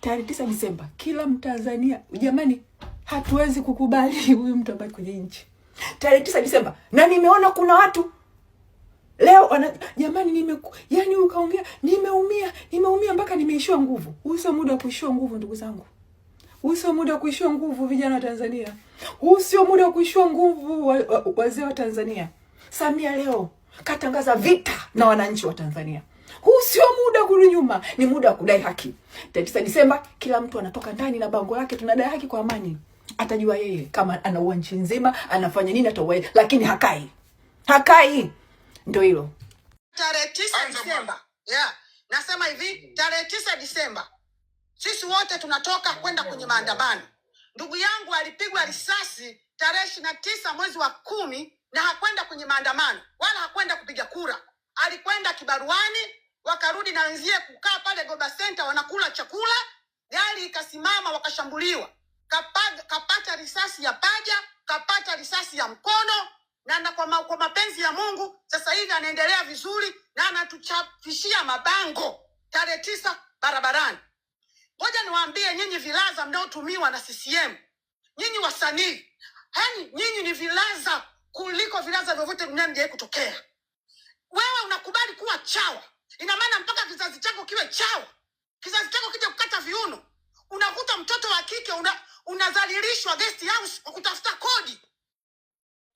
tarehe tisa Disemba, kila Mtanzania jamani, hatuwezi kukubali huyu mtu ambaye kwenye nchi tarehe tisa Disemba. Na nimeona kuna watu leo wana, jamani, nime yani ukaongea, nimeumia nimeumia mpaka nimeishiwa nguvu. Huu sio muda wa kuishiwa nguvu, ndugu zangu. Huu sio muda wa kuishiwa nguvu, vijana wa Tanzania. Huu sio muda wa kuishiwa nguvu, wazee wa, wa, wa Tanzania. Samia leo katangaza vita na wananchi wa Tanzania. Huu sio muda kurudi nyuma, ni muda wa kudai haki. Tarehe 9 Disemba kila mtu anatoka ndani na bango lake, tunadai haki kwa amani. Atajua yeye kama anaua nchi nzima, anafanya nini, ataua, lakini hakai, hakai. Ndio hilo tarehe 9 Disemba. Yeah, nasema hivi, tarehe 9 Disemba sisi wote tunatoka kwenda kwenye maandamano. Ndugu yangu alipigwa risasi tarehe ishirini na tisa mwezi wa kumi na hakwenda kwenye maandamano wala hakwenda kupiga kura, alikwenda kibaruani wakarudi na nzie kukaa pale Goba Center wanakula chakula, gari ikasimama, wakashambuliwa. Kapata, kapata risasi ya paja, kapata risasi ya mkono na, na kwa, ma, kwa mapenzi ya Mungu sasa hivi anaendelea vizuri na anatuchapishia mabango tarehe tisa barabarani. Ngoja niwaambie nyinyi vilaza mnaotumiwa na CCM, nyinyi wasanii, yani nyinyi ni vilaza kuliko vilaza vyovyote mnamjawai kutokea. Wewe unakubali kuwa chawa Ina maana mpaka kizazi chako kiwe chawa, kizazi chako kija kukata viuno, unakuta mtoto wa kike una, unazalilishwa guest house kwa kutafuta kodi,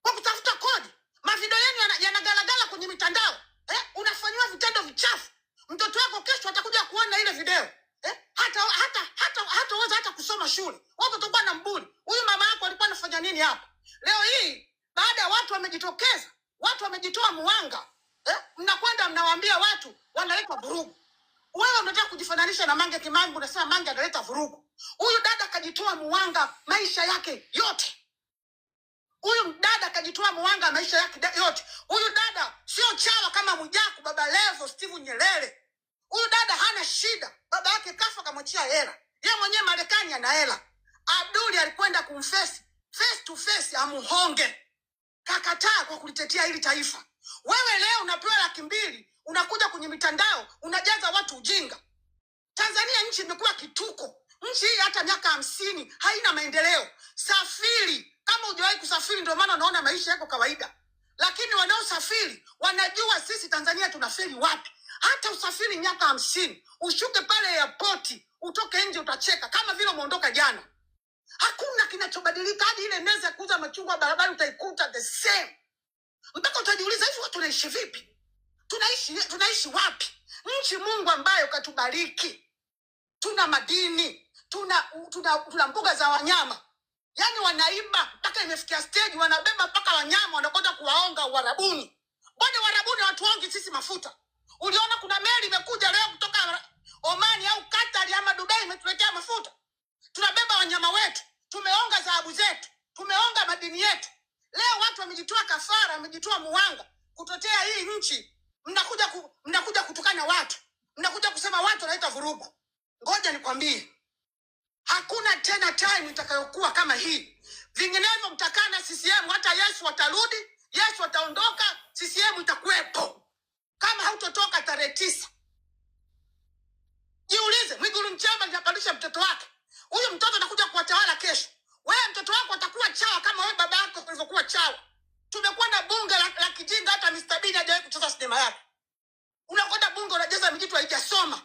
kwa kutafuta kodi. Mavideo yenu yanagalagala yana kwenye mitandao eh? Unafanyiwa vitendo vichafu, mtoto wako kesho atakuja kuona ile video eh? hata hata hata hata uweza hata kusoma shule, watu watakuwa na mbuni, huyu mama yako alikuwa anafanya nini hapa? Leo hii baada ya watu wamejitokeza, watu wamejitoa mwanga eh? Mnakwenda mnawaambia watu wanaleta vurugu. Wewe unataka kujifananisha na Mange Kimambi, unasema Mange analeta vurugu. Huyu dada akajitoa muwanga maisha yake yote, huyu dada akajitoa muwanga maisha yake yote. Huyu dada sio chawa kama Mwijaku, Baba Levo, Steven Nyerere. Huyu dada hana shida, baba yake kafa, kamwachia hela ye mwenyewe. Marekani ana hela. Abduli alikwenda kumfesi face to face, amuhonge, kakataa kwa kulitetea hili taifa. Wewe leo unapewa laki mbili unakuja kwenye mitandao unajaza watu ujinga. Tanzania nchi imekuwa kituko, nchi hii hata miaka hamsini haina maendeleo. Safiri kama ujawahi kusafiri, ndio maana unaona maisha yako kawaida, lakini wanaosafiri wanajua sisi Tanzania tunafiri wapi. Hata usafiri miaka hamsini, ushuke pale yapoti utoke nje, utacheka kama vile umeondoka jana. Hakuna kinachobadilika, hadi ile meza ya kuuza machungwa barabara utaikuta the same, mpaka utajiuliza hivi watu naishi vipi? tunaishi, tunaishi wapi? Nchi Mungu ambayo katubariki, tuna madini, tuna, tuna, tuna mbuga za wanyama yaani wanaiba mpaka imefikia stage wanabeba mpaka wanyama wanakwenda kuwaonga uharabuni Mbona uharabuni watuongi sisi mafuta? Uliona kuna meli imekuja leo kutoka Omani au Katari ama Dubai imetuletea mafuta? Tunabeba wanyama wetu, tumeonga dhahabu zetu, tumeonga madini yetu. Leo watu wamejitoa kafara, wamejitoa muwanga kutotea hii nchi mnakuja ku, mnakuja kutukana watu, mnakuja kusema watu wanaita vurugu. Ngoja nikwambie, hakuna tena time itakayokuwa kama hii, vinginevyo mtakaa na CCM. Hata Yesu watarudi, Yesu ataondoka CCM itakuwepo kama hautotoka tarehe tisa. Jiulize, Mwigulu Nchemba litapandisha mtoto wake, huyu mtoto atakuja kuwatawala kesho. Wewe mtoto wako atakuwa chawa kama wewe baba yako ulivyokuwa chawa. Tumekuwa na bunge la, la kijinga, hata mistabini hajawai kucheza sinema yake. Unakwenda bunge unajeza mijitu haijasoma.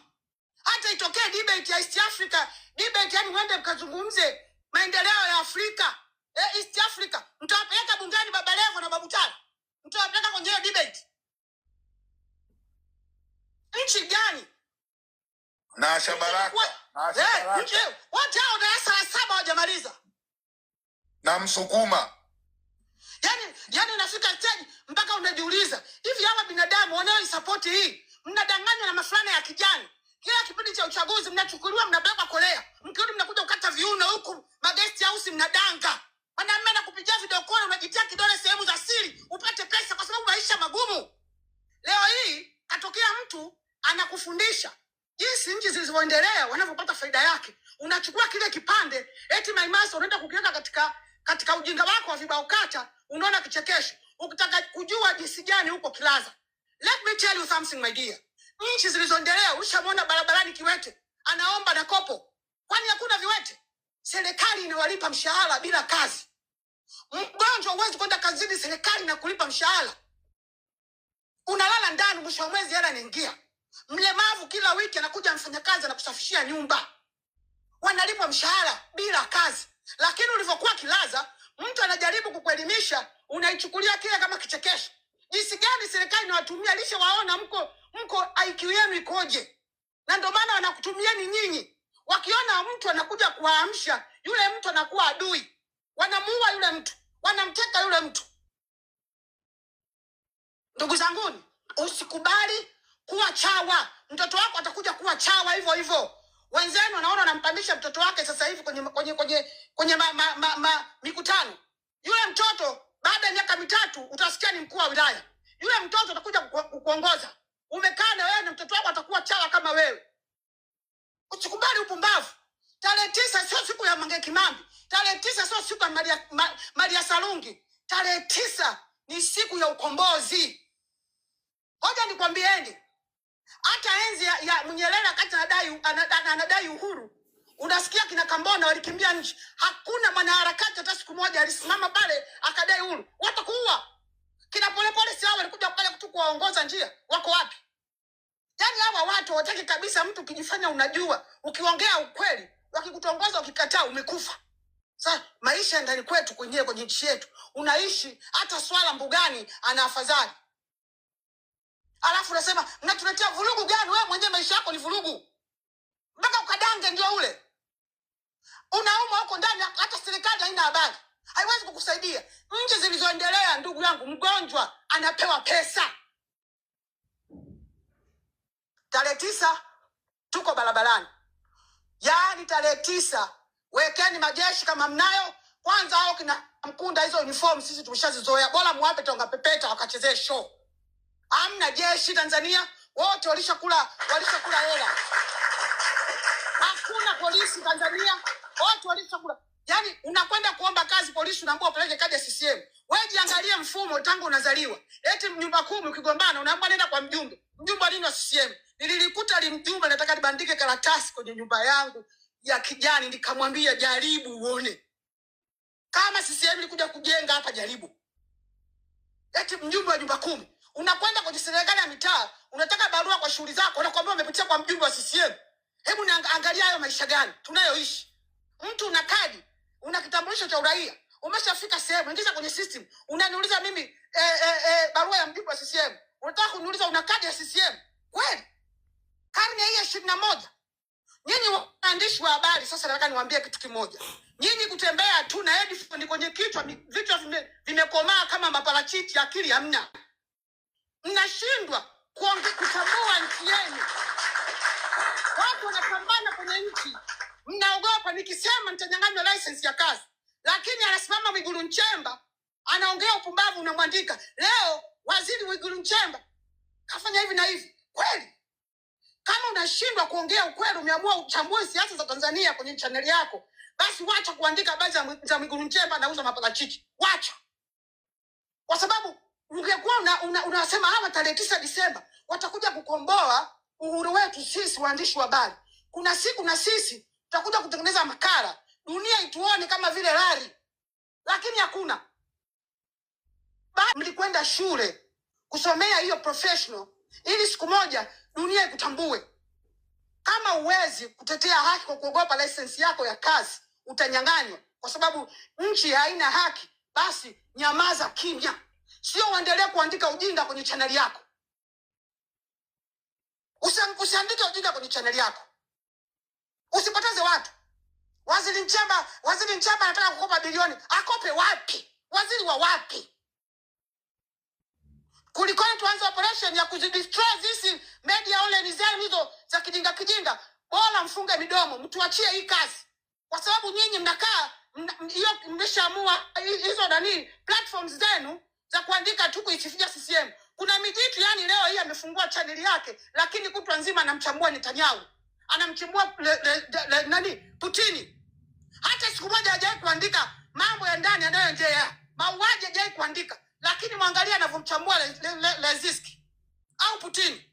Hata itokee debate ya East Africa, debate yani uende mkazungumze maendeleo ya Afrika eh, East Africa, mtawapeleka bungeni babalevo na babutala mtawapeleka kwenye hiyo debate nchi gani? Na eh, eh, hao darasa la saba hawajamaliza na Msukuma Yani, yani nafika stage mpaka unajiuliza hivi, hawa binadamu wanaoisapoti hii mnadanganywa na mafulana ya kijani. Kila kipindi cha uchaguzi mnachukuliwa, mnabeba kolea, mkirudi mnakuja kukata viuno huku magesti ausi, mnadanga mwanamme na kupigia video call, unajitia kidole sehemu za siri upate pesa, kwa sababu maisha magumu. Leo hii katokea mtu anakufundisha jinsi nchi zilizoendelea wanavyopata faida yake, unachukua kile kipande eti maimaso unaenda kukiweka katika katika ujinga wako wa vibao kata unaona kichekesho. Ukitaka kujua jinsi gani huko kilaza, let me tell you something my dear. Nchi zilizoendelea ushamwona barabarani kiwete anaomba na kopo, kwani hakuna viwete? Serikali inawalipa mshahara bila kazi. Mgonjwa huwezi kwenda kazini, serikali na kulipa mshahara, unalala ndani, mwisho wa mwezi hela inaingia. Mlemavu kila wiki anakuja mfanyakazi anakusafishia nyumba, wanalipwa mshahara bila kazi lakini ulivyokuwa kilaza, mtu anajaribu kukuelimisha, unaichukulia kile kama kichekesho. Jinsi gani serikali inawatumia lisha waona mko mko IQ yenu ikoje, na ndio maana wanakutumieni nyinyi. Wakiona mtu anakuja kuwaamsha, yule mtu anakuwa adui, wanamuua yule mtu, wanamteka yule mtu. Ndugu zanguni, usikubali kuwa chawa. Mtoto wako atakuja kuwa chawa hivyo hivyo wenzenu wanaona wanampandisha mtoto wake sasa hivi kwenye kwenye kwenye kwenye ma, ma, ma, ma, mikutano. Yule mtoto baada ya miaka mitatu utasikia ni mkuu wa wilaya, yule mtoto atakuja kuongoza. Umekaa na wewe na mtoto wako atakuwa chawa kama wewe. Usikubali upumbavu. Tarehe tisa sio siku ya Mange Kimambi, tarehe tisa sio siku ya Maria, ma, Maria Sarungi. Tarehe tisa ni siku ya ukombozi. hoja nikwambieni hata enzi ya, ya Nyerere wakati anadai anadai uhuru, unasikia kina Kambona walikimbia nchi, hakuna mwanaharakati hata siku moja alisimama pale akadai uhuru. Watakuua kina Polepole, si hao walikuja pale tu kuwaongoza njia? Wako wapi? Yaani hawa watu wataki kabisa mtu ukijifanya unajua, ukiongea ukweli, wakikutongoza, ukikataa, umekufa. Sasa maisha ndani kwetu kwenyewe kwenye nchi yetu, unaishi hata swala mbugani ana afadhali, alafu unasema maisha yako ni vurugu, mpaka ukadange ndio ule unauma huko ndani, hata serikali haina habari, haiwezi kukusaidia. Nchi zilizoendelea, ndugu yangu, mgonjwa anapewa pesa. Tarehe tisa tuko barabarani, yaani tarehe tisa wekeni majeshi kama mnayo. Kwanza hao kina Mkunda, hizo uniform sisi tumeshazizoea, bora mwape Tonga Pepeta wakachezee show. Amna jeshi Tanzania wote walishakula, walishakula hela. Hakuna polisi Tanzania, wote walishakula. Yani unakwenda kuomba kazi polisi, unaambiwa upeleke kadi ya CCM. Wewe jiangalie mfumo tangu unazaliwa. Eti nyumba kumi ukigombana unaambiwa nenda kwa mjumbe. Mjumbe wa nini wa CCM? Nililikuta li mjumbe nataka nibandike karatasi kwenye nyumba yangu ya kijani nikamwambia jaribu uone. Kama CCM ilikuja kujenga hapa jaribu. Eti mjumbe wa nyumba kumi. Unakwenda kwenye serikali ya mitaa, unataka barua kwa shughuli zako, unakwambia umepitia kwa mjumbe wa CCM. Hebu naangalia hayo maisha gani tunayoishi. Mtu una kadi, una kitambulisho cha uraia, umeshafika sehemu, ingiza kwenye system. Unaniuliza mimi eh, eh, eh, barua ya mjumbe wa CCM. Unataka kuniuliza una kadi ya CCM? Kweli? Karne hii ya ishirini na moja. Nyinyi waandishi wa habari sasa, nataka niwaambie kitu kimoja. Nyinyi kutembea tu na headphone kwenye kichwa, vichwa vimekomaa vime kama maparachichi, akili hamna mnashindwa kutambua nchi yenu. Watu wanapambana kwenye nchi, mnaogopa. Nikisema nitanyang'anywa lisensi ya kazi, lakini anasimama Mwigulu Nchemba anaongea upumbavu, unamwandika leo waziri Mwigulu Nchemba kafanya hivi na hivi. Kweli, kama unashindwa kuongea ukweli, umeamua uchambue siasa za Tanzania kwenye chaneli yako, basi wacha kuandika habari za mwiguru Nchemba anauza maparachichi, wacha kwa sababu ungekuwa unasema una, una hawa tarehe tisa Disemba watakuja kukomboa uhuru wetu sisi waandishi wa habari. Kuna siku na sisi tutakuja kutengeneza makala, dunia ituone kama vile rari, lakini hakuna. Mlikwenda shule kusomea hiyo professional ili siku moja dunia ikutambue. Kama uwezi kutetea haki kwa kuogopa lisensi yako ya kazi, utanyang'anywa kwa sababu nchi haina haki, basi nyamaza kimya sio uendelee kuandika ujinga kwenye chaneli yako. Usiandike ujinga kwenye chaneli yako, usipoteze watu. Waziri Nchemba, Waziri Nchemba anataka kukopa bilioni, akope wapi? Waziri wa wapi? Kulikoni tuanze operation ya kuzidestroy zisi media online zenu hizo za kijinga kijinga. Bora mfunge midomo, mtuachie hii kazi, kwa sababu nyinyi mnakaa hiyo, mna, hizo nani platforms zenu za kuandika tu kuisifia CCM. Kuna mijitu yani, leo hii amefungua chaneli yake, lakini kutwa nzima anamchambua Netanyahu, anamchimbua nani Putini. Hata siku moja hajawahi kuandika mambo ya ndani nje ya mauaji, hajawahi kuandika, lakini mwangalia anavyomchambua Leziski au Putini.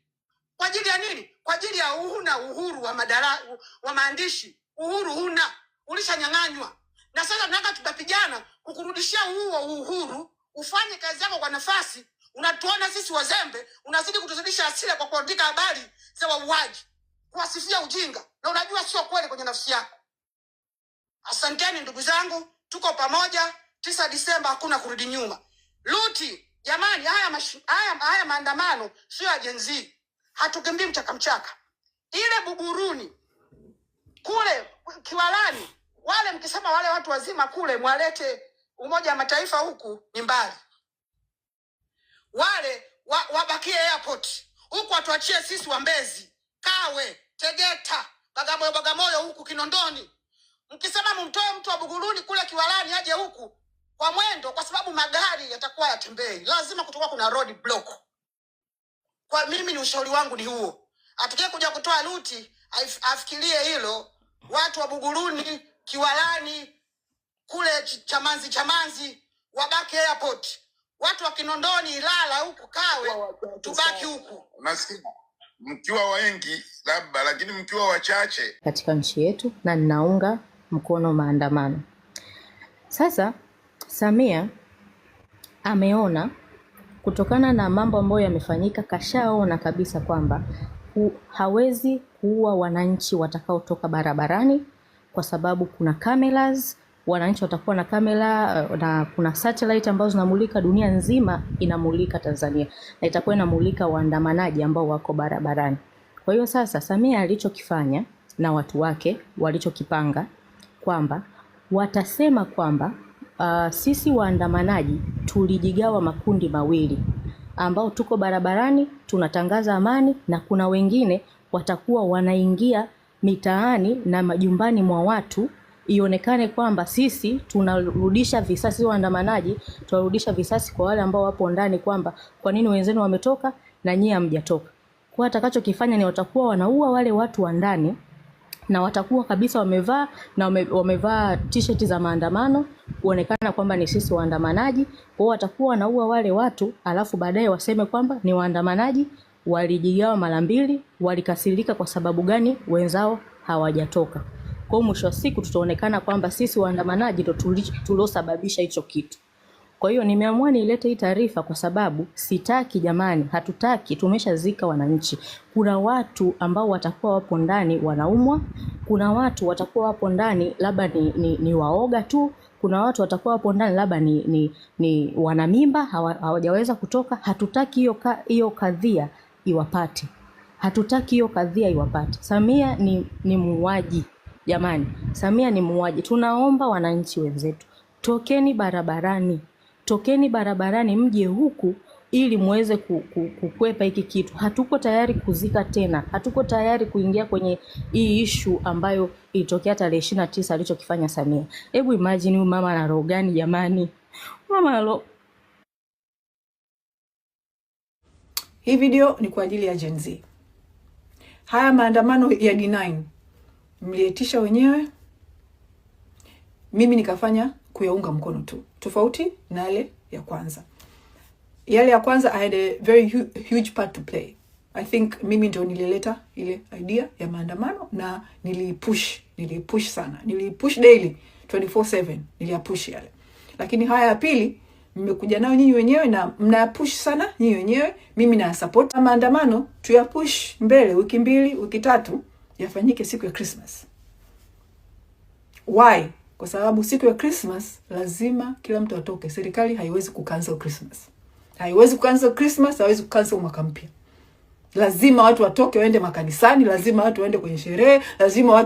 Kwa ajili ya nini? Kwa ajili ya huna uhuru wa madara, wa maandishi. Uhuru huna, ulishanyang'anywa, na sasa tunataka tutapigana kukurudishia huo uhuru ufanye kazi yako kwa nafasi. Unatuona sisi wazembe, unazidi kutuzidisha asira kwa kuandika habari za wauaji, kuwasifia ujinga, na unajua sio kweli kwenye nafsi yako. Asanteni ndugu zangu, tuko pamoja. Tisa Disemba hakuna kurudi nyuma. Luti jamani, haya, haya, haya maandamano sio ajenzii hatukimbii mchaka mchakamchaka. Ile Buguruni kule Kiwalani, wale mkisema wale watu wazima kule mwalete Umoja wa Mataifa huku ni mbali, wale wa, wabakie airport huku, watuachie sisi Wambezi, Kawe, Tegeta, Bagamoyo, Bagamoyo huku Kinondoni. Mkisema mumtoe mtu wa Buguruni kule Kiwalani aje huku kwa mwendo, kwa sababu magari yatakuwa yatembei, lazima kutokuwa kuna road block. Kwa mimi ni ushauri wangu ni huo, atakaye kuja kutoa ruti afikirie hilo, watu wa Buguruni, Kiwalani kule Chamanzi Chamanzi, wabaki airport, watu wa Kinondoni, Ilala huku Kawe, tubaki huku mkiwa wengi labda, lakini mkiwa wachache katika nchi yetu, na ninaunga mkono maandamano. Sasa Samia ameona kutokana na mambo ambayo yamefanyika, kashaona kabisa kwamba hawezi kuua wananchi watakaotoka barabarani kwa sababu kuna cameras wananchi watakuwa na kamera eh, na kuna satellite ambazo zinamulika dunia nzima, inamulika Tanzania na itakuwa inamulika waandamanaji ambao wako barabarani. Kwa hiyo sasa, Samia alichokifanya na watu wake walichokipanga kwamba watasema kwamba uh, sisi waandamanaji tulijigawa makundi mawili, ambao tuko barabarani tunatangaza amani na kuna wengine watakuwa wanaingia mitaani na majumbani mwa watu ionekane kwamba sisi tunarudisha visasi, sio waandamanaji, tunarudisha visasi kwa wale ambao wapo ndani, kwamba kwa nini wenzenu wametoka na nyie hamjatoka. Kwa atakachokifanya ni watakuwa wanaua wale watu wa ndani na watakuwa kabisa wamevaa na wame, wamevaa t-shirt za maandamano kuonekana kwamba ni sisi waandamanaji. Kwao watakuwa wanaua wale watu, alafu baadaye waseme kwamba ni waandamanaji walijigawa mara mbili, walikasirika kwa sababu gani wenzao hawajatoka. Kwa hiyo mwisho wa siku tutaonekana kwamba sisi waandamanaji ndo tuliosababisha hicho kitu. Kwa hiyo nimeamua nilete hii taarifa kwa sababu sitaki, jamani, hatutaki. Tumeshazika wananchi. Kuna watu ambao watakuwa wapo ndani wanaumwa, kuna watu watakuwa wapo ndani labda ni, ni, ni waoga tu, kuna watu watakuwa wapo ndani labda ni, ni, ni wana mimba hawajaweza kutoka. Hatutaki hiyo hiyo kadhia iwapate, hatutaki hiyo kadhia iwapate. Samia ni, ni muuaji. Jamani, Samia ni muuaji. Tunaomba wananchi wenzetu, tokeni barabarani, tokeni barabarani, mje huku ili muweze kukwepa hiki kitu. Hatuko tayari kuzika tena, hatuko tayari kuingia kwenye hii ishu ambayo ilitokea tarehe ishirini na tisa alichokifanya Samia. Hebu imagine huyu mama ana roho gani jamani? Mama alo... hii video ni kwa ajili ya Gen Z. Haya maandamano ya D9 mliitisha wenyewe, mimi nikafanya kuyaunga mkono tu, tofauti na yale ya kwanza. Yale ya kwanza I had a very huge part to play. I think mimi ndio nilileta ile idea ya maandamano na niliipush, niliipush sana, niliipush daily 24/7 niliyapush yale, lakini haya ya pili mmekuja nayo nyinyi wenyewe na mnayapush sana nyinyi wenyewe, mimi na support maandamano tuyapush mbele, wiki mbili, wiki tatu yafanyike siku ya Christmas. Why? Kwa sababu siku ya Christmas lazima kila mtu atoke. Serikali haiwezi kukansel Christmas, haiwezi kukansel Christmas, haiwezi kukansel mwaka mpya. Lazima watu watoke waende makanisani, lazima watu waende kwenye sherehe, lazima watu